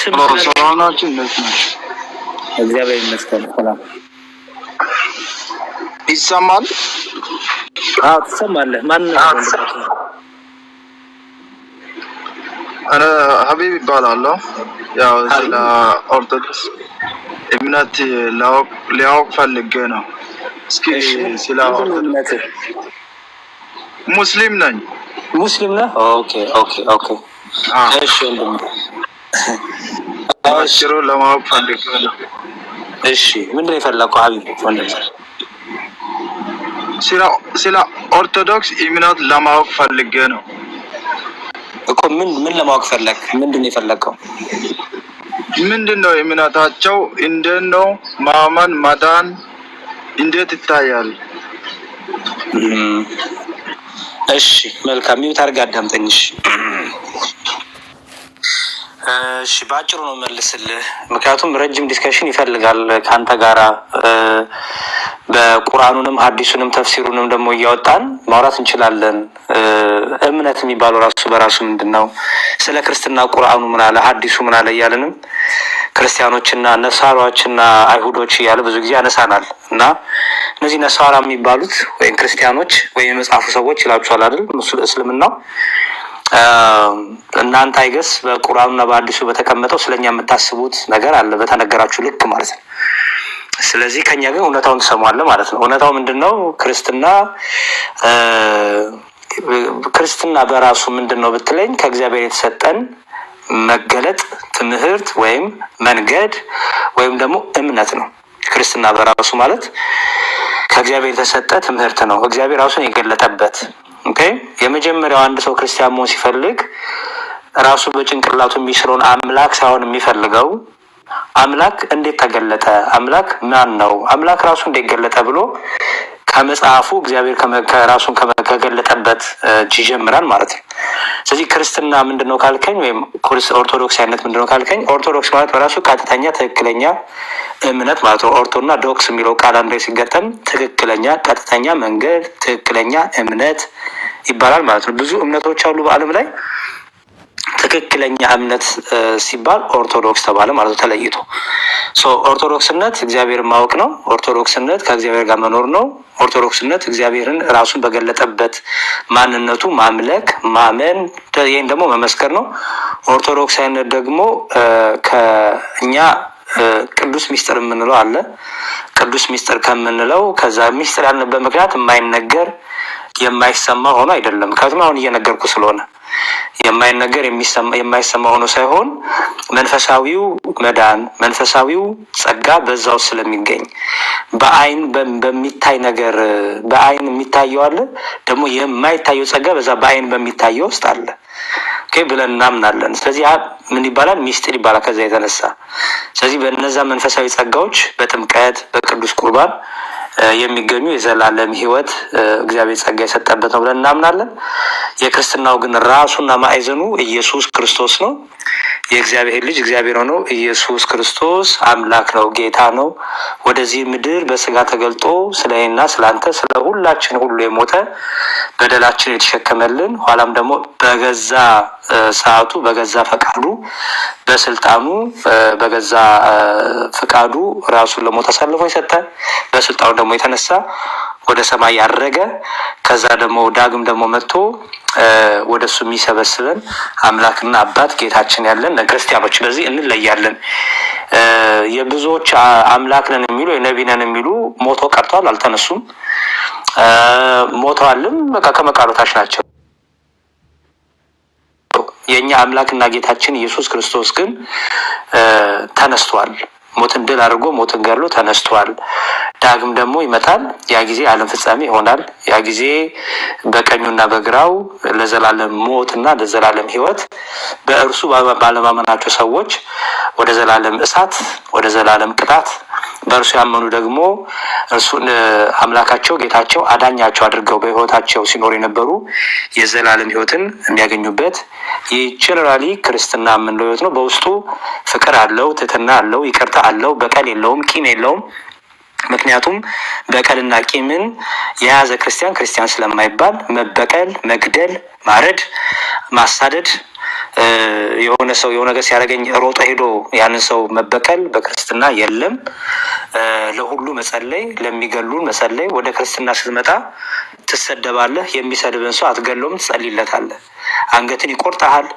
ሰላም ናችሁ? እንዴት ናችሁ? እግዚአብሔር ይመስገን። ሰላም ይሰማል? አዎ ትሰማለህ። ማን ሀቢብ ይባላለሁ። ያው ስለ ኦርቶዶክስ እምነት ሊያውቅ ፈልጌ ነው። እስኪ ስለ ሙስሊም ነኝ። ሙስሊም ነህ? ኦኬ ኦኬ ኦኬ። እሺ ወንድም ለማወቅ ፈልግ። እሺ ምንድን የፈለግኩ የፈለግከው ወንድም ስለ ኦርቶዶክስ እምነት ለማወቅ ፈልጌ ነው እኮ። ምን ምን ለማወቅ ፈለግ? ምንድን ነው የፈለግከው? ምንድን ነው እምነታቸው? እንዴት ነው ማመን? መዳን እንዴት ይታያል? እሺ መልካም ሚውት አድርገህ እሺ በአጭሩ ነው መልስልህ፣ ምክንያቱም ረጅም ዲስከሽን ይፈልጋል ከአንተ ጋራ በቁርአኑንም ሀዲሱንም ተፍሲሩንም ደግሞ እያወጣን ማውራት እንችላለን። እምነት የሚባለው ራሱ በራሱ ምንድን ነው? ስለ ክርስትና ቁርአኑ ምን አለ፣ ሐዲሱ ምን አለ እያለንም ክርስቲያኖችና ነሳሯችና አይሁዶች እያለ ብዙ ጊዜ ያነሳናል እና እነዚህ ነሳራ የሚባሉት ወይም ክርስቲያኖች ወይም የመጽሐፉ ሰዎች ይላችኋል አይደል? ምስሉ እስልምናው እናንተ አይገስ በቁርአኑና በአዲሱ በተቀመጠው ስለኛ የምታስቡት ነገር አለ በተነገራችሁ ልክ ማለት ነው። ስለዚህ ከኛ ግን እውነታውን ትሰማለ ማለት ነው። እውነታው ምንድን ነው? ክርስትና ክርስትና በራሱ ምንድን ነው ብትለኝ ከእግዚአብሔር የተሰጠን መገለጥ ትምህርት ወይም መንገድ ወይም ደግሞ እምነት ነው። ክርስትና በራሱ ማለት ከእግዚአብሔር የተሰጠ ትምህርት ነው። እግዚአብሔር ራሱን የገለጠበት ኦኬ የመጀመሪያው አንድ ሰው ክርስቲያን መሆን ሲፈልግ ራሱ በጭንቅላቱ የሚስለውን አምላክ ሳይሆን የሚፈልገው አምላክ እንዴት ተገለጠ፣ አምላክ ማን ነው፣ አምላክ ራሱ እንዴት ገለጠ ብሎ ከመጽሐፉ እግዚአብሔር ከራሱን ከገለጠበት እጅ ይጀምራል ማለት ነው። ስለዚህ ክርስትና ምንድነው ካልከኝ ወይም ኦርቶዶክስ አይነት ምንድነው ካልከኝ ኦርቶዶክስ ማለት በራሱ ቀጥተኛ ትክክለኛ እምነት ማለት ነው። ኦርቶና ዶክስ የሚለው ቃል አንድ ላይ ሲገጠም ትክክለኛ ቀጥተኛ መንገድ፣ ትክክለኛ እምነት ይባላል ማለት ነው። ብዙ እምነቶች አሉ በዓለም ላይ ትክክለኛ እምነት ሲባል ኦርቶዶክስ ተባለ ማለት ነው። ተለይቶ ኦርቶዶክስነት እግዚአብሔር ማወቅ ነው። ኦርቶዶክስነት ከእግዚአብሔር ጋር መኖር ነው። ኦርቶዶክስነት እግዚአብሔርን ራሱን በገለጠበት ማንነቱ ማምለክ፣ ማመን፣ ይህን ደግሞ መመስከር ነው። ኦርቶዶክሳዊነት ደግሞ ከእኛ ቅዱስ ሚስጥር የምንለው አለ። ቅዱስ ሚስጥር ከምንለው ከዛ ሚስጥር ያለበት ምክንያት የማይነገር የማይሰማ ሆኖ አይደለም። ከትም አሁን እየነገርኩ ስለሆነ የማይነገር የማይሰማ ሆኖ ሳይሆን መንፈሳዊው መዳን መንፈሳዊው ጸጋ በዛው ስለሚገኝ በአይን በሚታይ ነገር በአይን የሚታየው አለ፣ ደግሞ የማይታየው ጸጋ በዛ በአይን በሚታየው ውስጥ አለ ብለን እናምናለን። ስለዚህ ምን ይባላል? ሚስጢር ይባላል። ከዛ የተነሳ ስለዚህ በነዛ መንፈሳዊ ጸጋዎች በጥምቀት በቅዱስ ቁርባን የሚገኙ የዘላለም ህይወት እግዚአብሔር ጸጋ የሰጠበት ነው ብለን እናምናለን። የክርስትናው ግን ራሱና ማዕዘኑ ኢየሱስ ክርስቶስ ነው። የእግዚአብሔር ልጅ እግዚአብሔር ሆኖ ኢየሱስ ክርስቶስ አምላክ ነው፣ ጌታ ነው። ወደዚህ ምድር በስጋ ተገልጦ ስለ ስለአንተ ስለ ሁላችን ሁሉ የሞተ በደላችን የተሸከመልን ኋላም ደግሞ በገዛ ሰዓቱ በገዛ ፈቃዱ በስልጣኑ በገዛ ፈቃዱ ራሱን ለሞት አሳልፎ የሰጠ በስልጣኑ ደግሞ የተነሳ ወደ ሰማይ ያረገ ከዛ ደግሞ ዳግም ደግሞ መጥቶ ወደ እሱ የሚሰበስበን አምላክና አባት ጌታችን ያለን ለክርስቲያኖች በዚህ እንለያለን። የብዙዎች አምላክ ነን የሚሉ የነቢይ ነን የሚሉ ሞቶ ቀርተዋል፣ አልተነሱም። ሞተዋልም በቃ ናቸው። የእኛ አምላክና ጌታችን ኢየሱስ ክርስቶስ ግን ተነስቷል። ሞትን ድል አድርጎ ሞትን ገድሎ ተነስቷል። ዳግም ደግሞ ይመጣል። ያ ጊዜ ዓለም ፍጻሜ ይሆናል። ያ ጊዜ በቀኙና በግራው ለዘላለም ሞት እና ለዘላለም ሕይወት በእርሱ ባለማመናቸው ሰዎች ወደ ዘላለም እሳት፣ ወደ ዘላለም ቅጣት በእርሱ ያመኑ ደግሞ እርሱን አምላካቸው ጌታቸው አዳኛቸው አድርገው በህይወታቸው ሲኖሩ የነበሩ የዘላለም ህይወትን የሚያገኙበት ይህ ጀነራሊ ክርስትና የምንለው ህይወት ነው። በውስጡ ፍቅር አለው፣ ትህትና አለው፣ ይቅርታ አለው፣ በቀል የለውም፣ ቂም የለውም። ምክንያቱም በቀልና ቂምን የያዘ ክርስቲያን ክርስቲያን ስለማይባል መበቀል፣ መግደል፣ ማረድ፣ ማሳደድ የሆነ ሰው የሆነ ነገር ሲያደርገኝ ሮጦ ሄዶ ያንን ሰው መበቀል በክርስትና የለም። ለሁሉ መጸለይ፣ ለሚገሉን መጸለይ። ወደ ክርስትና ስትመጣ ትሰደባለህ። የሚሰድብን ሰው አትገለውም፣ ትጸልይለታለህ። አንገትን ይቆርጠሃል።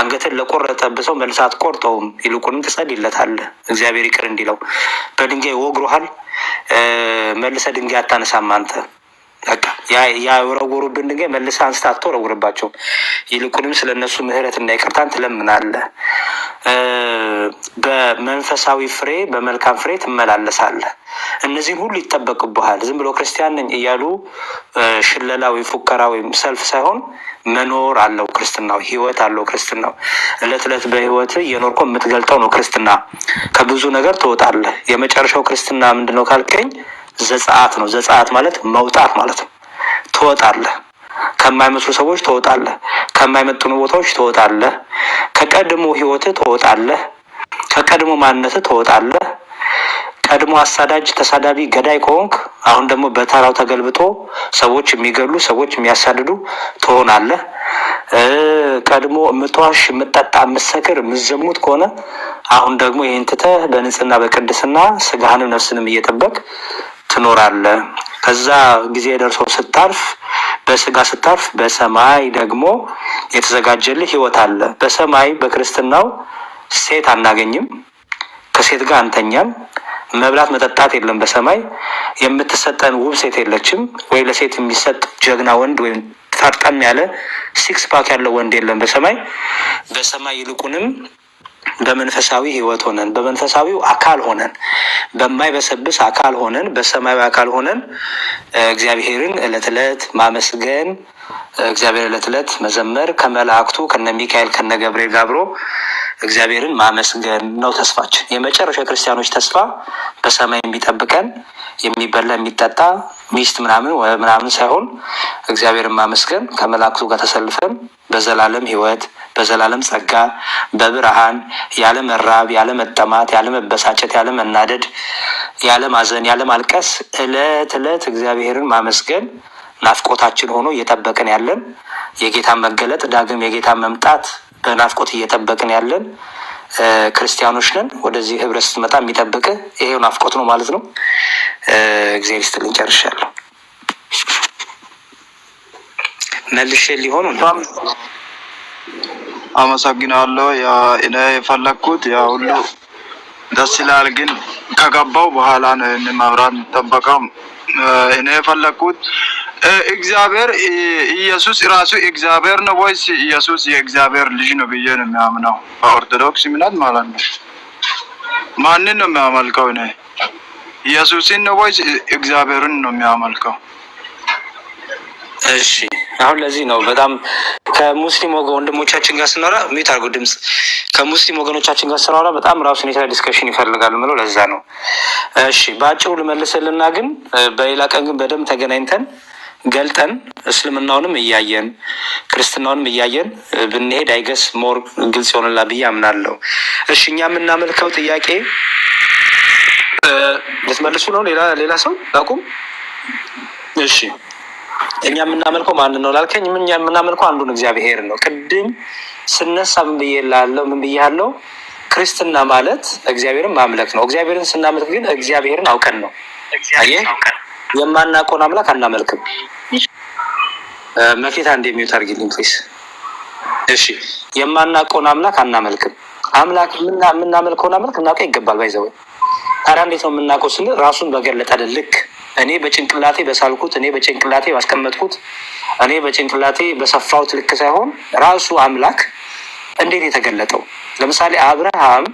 አንገትን ለቆረጠብህ ሰው አትቆርጠውም፣ ይልቁንም ትጸልይለታለህ እግዚአብሔር ይቅር እንዲለው። በድንጋይ ወግሮሃል፣ መልሰ ድንጋይ አታነሳም አንተ ያወረወሩብን ድንጋይ መልሰ አንስታ አትወረውርባቸው። ይልቁንም ስለ እነሱ ምሕረት እና ይቅርታን ትለምናለ። በመንፈሳዊ ፍሬ በመልካም ፍሬ ትመላለሳለህ። እነዚህ ሁሉ ይጠበቅብሃል። ዝም ብሎ ክርስቲያን ነኝ እያሉ ሽለላ ወይም ፉከራ ወይም ሰልፍ ሳይሆን መኖር አለው ክርስትናው፣ ህይወት አለው ክርስትናው። እለት እለት በህይወት እየኖርኮ የምትገልጠው ነው ክርስትና። ከብዙ ነገር ትወጣለህ። የመጨረሻው ክርስትና ምንድነው ካልከኝ፣ ዘጸአት ነው። ዘጸአት ማለት መውጣት ማለት ነው። ትወጣለህ ከማይመስሉ ሰዎች ትወጣለህ፣ ከማይመጥኑ ቦታዎች ትወጣለህ፣ ከቀድሞ ህይወትህ ትወጣለህ፣ ከቀድሞ ማንነትህ ትወጣለህ። ቀድሞ አሳዳጅ፣ ተሳዳቢ፣ ገዳይ ከሆንክ አሁን ደግሞ በተራው ተገልብጦ ሰዎች የሚገሉ ሰዎች የሚያሳድዱ ትሆናለህ። ቀድሞ ምትዋሽ፣ ምጠጣ፣ ምሰክር፣ የምዘሙት ከሆነ አሁን ደግሞ ይህን ትተህ በንጽህና በቅድስና ስጋህንም ነፍስንም እየጠበቅ ትኖራለ ከዛ ጊዜ ደርሶ ስታርፍ በስጋ ስታርፍ በሰማይ ደግሞ የተዘጋጀልህ ህይወት አለ። በሰማይ በክርስትናው ሴት አናገኝም፣ ከሴት ጋር አንተኛም፣ መብላት መጠጣት የለም። በሰማይ የምትሰጠን ውብ ሴት የለችም፣ ወይ ለሴት የሚሰጥ ጀግና ወንድ ወይም ፈርጠም ያለ ሲክስ ፓክ ያለው ወንድ የለም። በሰማይ በሰማይ ይልቁንም በመንፈሳዊ ህይወት ሆነን በመንፈሳዊው አካል ሆነን በማይበሰብስ አካል ሆነን በሰማያዊ አካል ሆነን እግዚአብሔርን እለት እለት ማመስገን እግዚአብሔር እለት እለት መዘመር ከመላእክቱ ከነ ሚካኤል ከነ ገብርኤል ጋብሮ እግዚአብሔርን ማመስገን ነው ተስፋችን። የመጨረሻ ክርስቲያኖች ተስፋ በሰማይ የሚጠብቀን የሚበላ የሚጠጣ ሚስት ምናምን ምናምን ሳይሆን እግዚአብሔርን ማመስገን ከመላእክቱ ጋር ተሰልፈን በዘላለም ህይወት ። በዘላለም ጸጋ በብርሃን ያለ መራብ ያለ መጠማት ያለ መበሳጨት ያለ መናደድ ያለ ማዘን ያለ ማልቀስ እለት እለት እግዚአብሔርን ማመስገን ናፍቆታችን ሆኖ እየጠበቅን ያለን የጌታን መገለጥ ዳግም የጌታን መምጣት በናፍቆት እየጠበቅን ያለን ክርስቲያኖች ነን። ወደዚህ ህብረት ስትመጣ የሚጠብቅ ይሄው ናፍቆት ነው ማለት ነው። እግዚአብሔር ይስጥልኝ። ጨርሻለሁ። መልሼ ሊሆኑ አመሰግናለሁ። እኔ የፈለግኩት ያ ሁሉ ደስ ይላል፣ ግን ከገባው በኋላ ነው መብራት የሚጠበቀው። እኔ የፈለግኩት እግዚአብሔር ኢየሱስ ራሱ እግዚአብሔር ነው ወይስ ኢየሱስ የእግዚአብሔር ልጅ ነው ብዬ ነው የሚያምነው። በኦርቶዶክስ እምነት ማለት ነው። ማንን ነው የሚያመልከው? እኔ ኢየሱስን ነው ወይስ እግዚአብሔርን ነው የሚያመልከው? እሺ አሁን ለዚህ ነው በጣም ከሙስሊም ወንድሞቻችን ጋር ስናወራ ሚት አርጎ ድምፅ ከሙስሊም ወገኖቻችን ጋር ስናወራ በጣም ራሱን የቻለ ዲስከሽን ይፈልጋል ምለው ለዛ ነው። እሺ በአጭሩ ልመልስልና ግን በሌላ ቀን ግን በደንብ ተገናኝተን ገልጠን እስልምናውንም እያየን ክርስትናውንም እያየን ብንሄድ አይገስ ሞር ግልጽ ይሆንላ ብዬ አምናለሁ። እሺ እኛ የምናመልከው ጥያቄ ልትመልሱ ነው? ሌላ ሌላ ሰው አቁም። እሺ እኛ የምናመልከው ማንን ነው ላልከኝ፣ እኛ የምናመልከው አንዱን እግዚአብሔር ነው። ቅድም ስነሳ ምን ብዬላለው? ምን ብያለው? ክርስትና ማለት እግዚአብሔርን ማምለክ ነው። እግዚአብሔርን ስናመልክ ግን እግዚአብሔርን አውቀን ነው። የማናውቀውን አምላክ አናመልክም። መፌት አንድ የሚዩት አድርጊልኝ ፕሊስ። እሺ፣ የማናውቀውን አምላክ አናመልክም። አምላክ የምናመልከውን አምላክ እናውቀ ይገባል። ባይዘወ ታዲያ እንዴት ነው የምናውቀው ስንል ራሱን በገለጠልን ልክ እኔ በጭንቅላቴ በሳልኩት፣ እኔ በጭንቅላቴ ባስቀመጥኩት፣ እኔ በጭንቅላቴ በሰፋሁት ልክ ሳይሆን ራሱ አምላክ እንዴት የተገለጠው። ለምሳሌ አብርሃም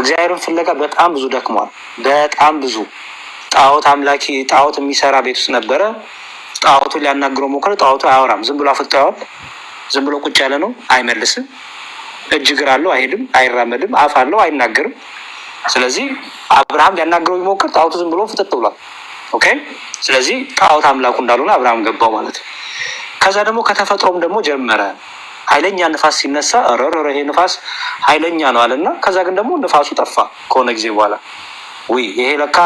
እግዚአብሔርን ፍለጋ በጣም ብዙ ደክሟል። በጣም ብዙ ጣዖት አምላኪ ጣዖት የሚሰራ ቤት ውስጥ ነበረ። ጣዖቱ ሊያናግረው ሞከረ። ጣዖቱ አያወራም። ዝም ብሎ አፍጣ ዝም ብሎ ቁጭ ያለ ነው። አይመልስም። እጅ እግር አለው፣ አይሄድም፣ አይራመድም። አፍ አለው፣ አይናገርም። ስለዚህ አብርሃም ሊያናግረው ቢሞክር ጣዖቱ ዝም ብሎ ፍጥጥ ብሏል። ኦኬ። ስለዚህ ጣዖት አምላኩ እንዳልሆነ አብርሃም ገባው ማለት ነው። ከዛ ደግሞ ከተፈጥሮም ደግሞ ጀመረ ኃይለኛ ንፋስ ሲነሳ ረረረ ይሄ ንፋስ ኃይለኛ ነው አለና፣ ከዛ ግን ደግሞ ንፋሱ ጠፋ ከሆነ ጊዜ በኋላ ውይ ይሄ ለካ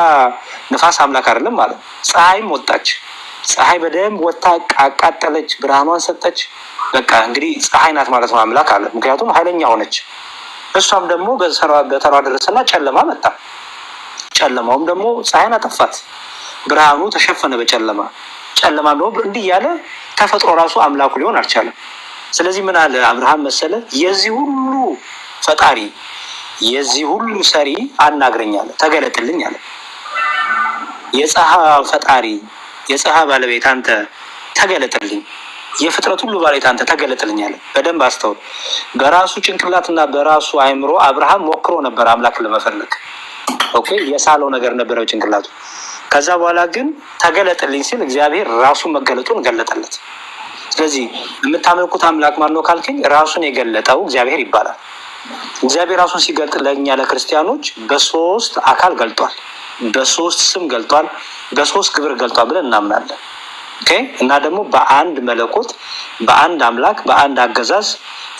ንፋስ አምላክ አይደለም ማለት። ፀሐይም ወጣች። ፀሐይ በደንብ ወጥታ አቃጠለች፣ ብርሃኗን ሰጠች። በቃ እንግዲህ ፀሐይ ናት ማለት ነው አምላክ አለ። ምክንያቱም ኃይለኛ ሆነች። እሷም ደግሞ በተራ ደረሰና ጨለማ መጣ። ጨለማውም ደግሞ ፀሐይን አጠፋት። ብርሃኑ ተሸፈነ በጨለማ ጨለማ ብሎ እንዲህ እያለ ተፈጥሮ ራሱ አምላኩ ሊሆን አልቻለም። ስለዚህ ምን አለ አብርሃም መሰለ የዚህ ሁሉ ፈጣሪ የዚህ ሁሉ ሰሪ አናግረኛለ ተገለጥልኝ አለ። የፀሐ ፈጣሪ የፀሐ ባለቤት አንተ ተገለጥልኝ፣ የፍጥረት ሁሉ ባለቤት አንተ ተገለጥልኝ አለ። በደንብ አስተውል። በራሱ ጭንቅላትና በራሱ አይምሮ አብርሃም ሞክሮ ነበር አምላክ ለመፈለግ ኦኬ፣ የሳለው ነገር ነበረው ጭንቅላቱ። ከዛ በኋላ ግን ተገለጥልኝ ሲል እግዚአብሔር ራሱ መገለጡን ገለጠለት። ስለዚህ የምታመልኩት አምላክ ማን ነው ካልከኝ ራሱን የገለጠው እግዚአብሔር ይባላል። እግዚአብሔር ራሱን ሲገልጥ ለእኛ ለክርስቲያኖች በሶስት አካል ገልጧል፣ በሶስት ስም ገልጧል፣ በሶስት ግብር ገልጧል ብለን እናምናለን። እና ደግሞ በአንድ መለኮት፣ በአንድ አምላክ፣ በአንድ አገዛዝ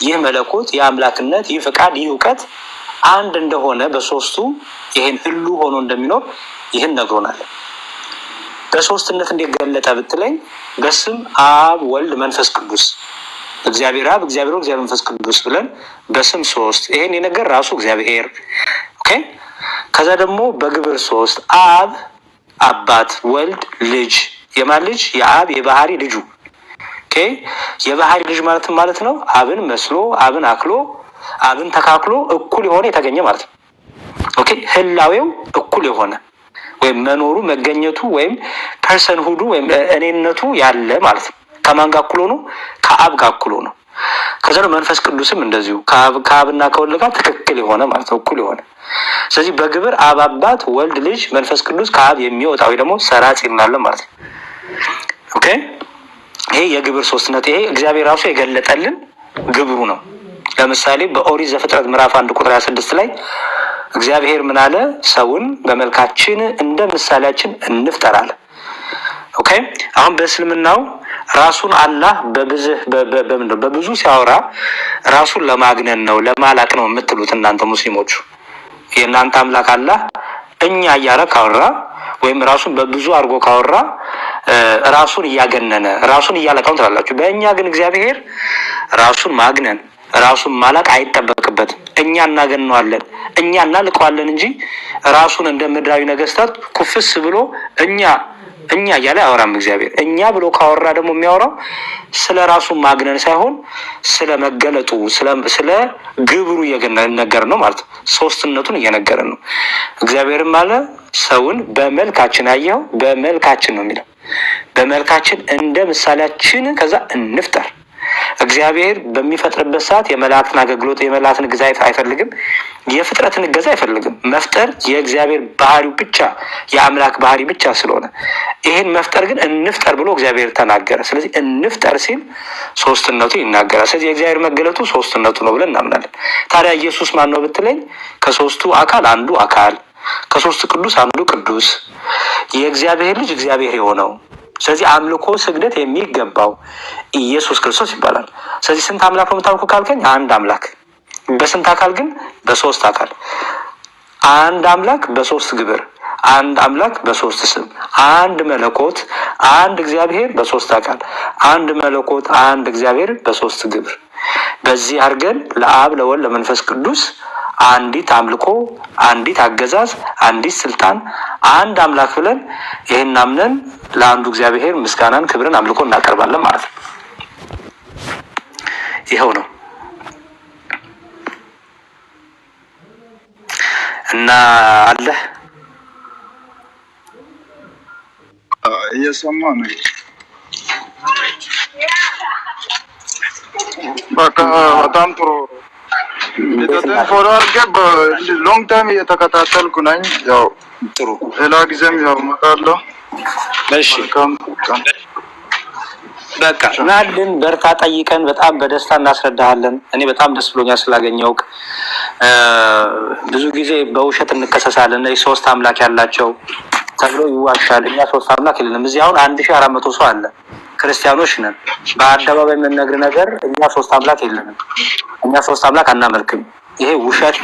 ይህ መለኮት፣ ይህ አምላክነት፣ ይህ ፍቃድ፣ ይህ እውቀት አንድ እንደሆነ በሶስቱ ይሄን ህሉ ሆኖ እንደሚኖር ይህን ነግሮናል። በሶስትነት እንዴት ገለጠ ብትለኝ በስም አብ ወልድ መንፈስ ቅዱስ እግዚአብሔር አብ እግዚአብሔር እግዚአብሔር መንፈስ ቅዱስ ብለን በስም ሶስት ይሄን የነገር ራሱ እግዚአብሔር ኦኬ። ከዛ ደግሞ በግብር ሶስት አብ አባት ወልድ ልጅ የማን ልጅ የአብ የባህሪ ልጁ ኦኬ። የባህሪ ልጅ ማለትም ማለት ነው አብን መስሎ አብን አክሎ አብን ተካክሎ እኩል የሆነ የተገኘ ማለት ነው። ኦኬ ህላዌው እኩል የሆነ ወይም መኖሩ መገኘቱ ወይም ፐርሰን ሁዱ ወይም እኔነቱ ያለ ማለት ነው። ከማን ጋር እኩል ሆኖ? ከአብ ጋር እኩል ሆኖ። ከዛ መንፈስ ቅዱስም እንደዚሁ ከአብና ከወልድ ጋር ትክክል የሆነ ማለት ነው፣ እኩል የሆነ ስለዚህ በግብር አብ አባት፣ ወልድ ልጅ፣ መንፈስ ቅዱስ ከአብ የሚወጣ ወይ ደግሞ ሰራጽ የምናለን ማለት ነው። ኦኬ ይሄ የግብር ሶስትነት ይሄ እግዚአብሔር ራሱ የገለጠልን ግብሩ ነው። ለምሳሌ በኦሪት ዘፍጥረት ምዕራፍ አንድ ቁጥር ሀያ ስድስት ላይ እግዚአብሔር ምን አለ? ሰውን በመልካችን እንደ ምሳሌያችን እንፍጠራለን። ኦኬ አሁን በእስልምናው ራሱን አላህ በብዙ ሲያወራ ራሱን ለማግነን ነው ለማላቅ ነው የምትሉት እናንተ ሙስሊሞቹ። የእናንተ አምላክ አላህ እኛ እያለ ካወራ ወይም ራሱን በብዙ አድርጎ ካወራ ራሱን እያገነነ ራሱን እያለቃውን ትላላችሁ። በእኛ ግን እግዚአብሔር ራሱን ማግነን ራሱን ማላቅ አይጠበቅበትም። እኛ እናገነዋለን፣ እኛ እናልቀዋለን እንጂ ራሱን እንደ ምድራዊ ነገስታት ኩፍስ ብሎ እኛ እኛ እያለ አያወራም። እግዚአብሔር እኛ ብሎ ካወራ ደግሞ የሚያወራው ስለ ራሱ ማግነን ሳይሆን ስለ መገለጡ፣ ስለ ግብሩ እየነገር ነው ማለት ነው። ሶስትነቱን እየነገረ ነው። እግዚአብሔርም አለ ሰውን በመልካችን አየው፣ በመልካችን ነው የሚለው በመልካችን እንደ ምሳሌያችን ከዛ እንፍጠር እግዚአብሔር በሚፈጥርበት ሰዓት የመላእክትን አገልግሎት የመላእክትን ግዛት አይፈልግም፣ የፍጥረትን እገዛ አይፈልግም። መፍጠር የእግዚአብሔር ባህሪው ብቻ የአምላክ ባህሪ ብቻ ስለሆነ ይህን መፍጠር ግን እንፍጠር ብሎ እግዚአብሔር ተናገረ። ስለዚህ እንፍጠር ሲል ሶስትነቱ ይናገራል። ስለዚህ የእግዚአብሔር መገለጡ ሶስትነቱ ነው ብለን እናምናለን። ታዲያ ኢየሱስ ማን ነው ብትለኝ ከሶስቱ አካል አንዱ አካል ከሶስቱ ቅዱስ አንዱ ቅዱስ የእግዚአብሔር ልጅ እግዚአብሔር የሆነው ስለዚህ አምልኮ ስግደት የሚገባው ኢየሱስ ክርስቶስ ይባላል። ስለዚህ ስንት አምላክ ነው የምታምልኩ ካልከኝ አንድ አምላክ፣ በስንት አካል ግን በሶስት አካል። አንድ አምላክ በሶስት ግብር፣ አንድ አምላክ በሶስት ስም፣ አንድ መለኮት፣ አንድ እግዚአብሔር በሶስት አካል፣ አንድ መለኮት፣ አንድ እግዚአብሔር በሶስት ግብር። በዚህ አድርገን ለአብ ለወልድ ለመንፈስ ቅዱስ አንዲት አምልኮ፣ አንዲት አገዛዝ፣ አንዲት ስልጣን፣ አንድ አምላክ ብለን ይህን አምነን ለአንዱ እግዚአብሔር ምስጋናን፣ ክብርን፣ አምልኮ እናቀርባለን ማለት ነው። ይኸው ነው እና አለ እየሰማ ነው። በቃ በጣም ጥሩ ፎሎ አድርገህ ሎንግ ታይም እየተከታተልኩ ነኝ። ያው ጥሩ ሌላ ጊዜም ያው እመጣለሁ። በቃ ናልን በርታ፣ ጠይቀን በጣም በደስታ እናስረዳሃለን። እኔ በጣም ደስ ብሎኛል ስላገኘውቅ። ብዙ ጊዜ በውሸት እንከሰሳለን። እነዚህ ሶስት አምላክ ያላቸው ተብሎ ይዋሻል። እኛ ሶስት አምላክ የለንም። እዚህ አሁን አንድ ሺህ አራት መቶ ሰው አለ ክርስቲያኖች ነን። በአደባባይ የምንነግር ነገር እኛ ሶስት አምላክ የለንም፣ እኛ ሶስት አምላክ አናመልክም። ይሄ ውሸት።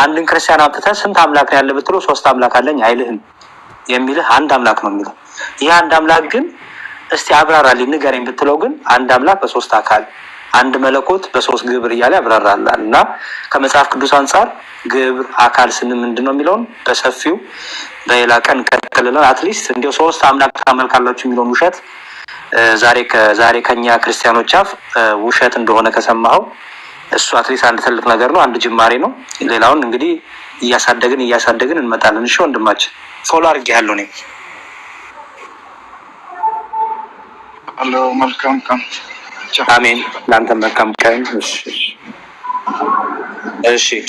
አንድን ክርስቲያን አምጥተህ ስንት አምላክ ነው ያለ ብትለው ሶስት አምላክ አለኝ አይልህም። የሚልህ አንድ አምላክ ነው የሚለው። ይህ አንድ አምላክ ግን እስቲ አብራራልኝ ንገረኝ ብትለው ግን አንድ አምላክ በሶስት አካል አንድ መለኮት በሶስት ግብር እያለ ያብራራላል። እና ከመጽሐፍ ቅዱስ አንጻር ግብር አካል ስን ምንድን ነው የሚለውን በሰፊው በሌላ ቀን ቀጥልለን አትሊስት እንዲ ሶስት አምላክ ታመልካላችሁ የሚለውን ውሸት ዛሬ ከዛሬ ከኛ ክርስቲያኖች አፍ ውሸት እንደሆነ ከሰማኸው እሱ አትሊስት አንድ ትልቅ ነገር ነው፣ አንድ ጅማሬ ነው። ሌላውን እንግዲህ እያሳደግን እያሳደግን እንመጣለን። እሺ ወንድማችን ፎሎ አድርጌ ያለሁ እኔ አሎ መልካም ቀን። አሜን። ለአንተ መልካም ቀን። እሺ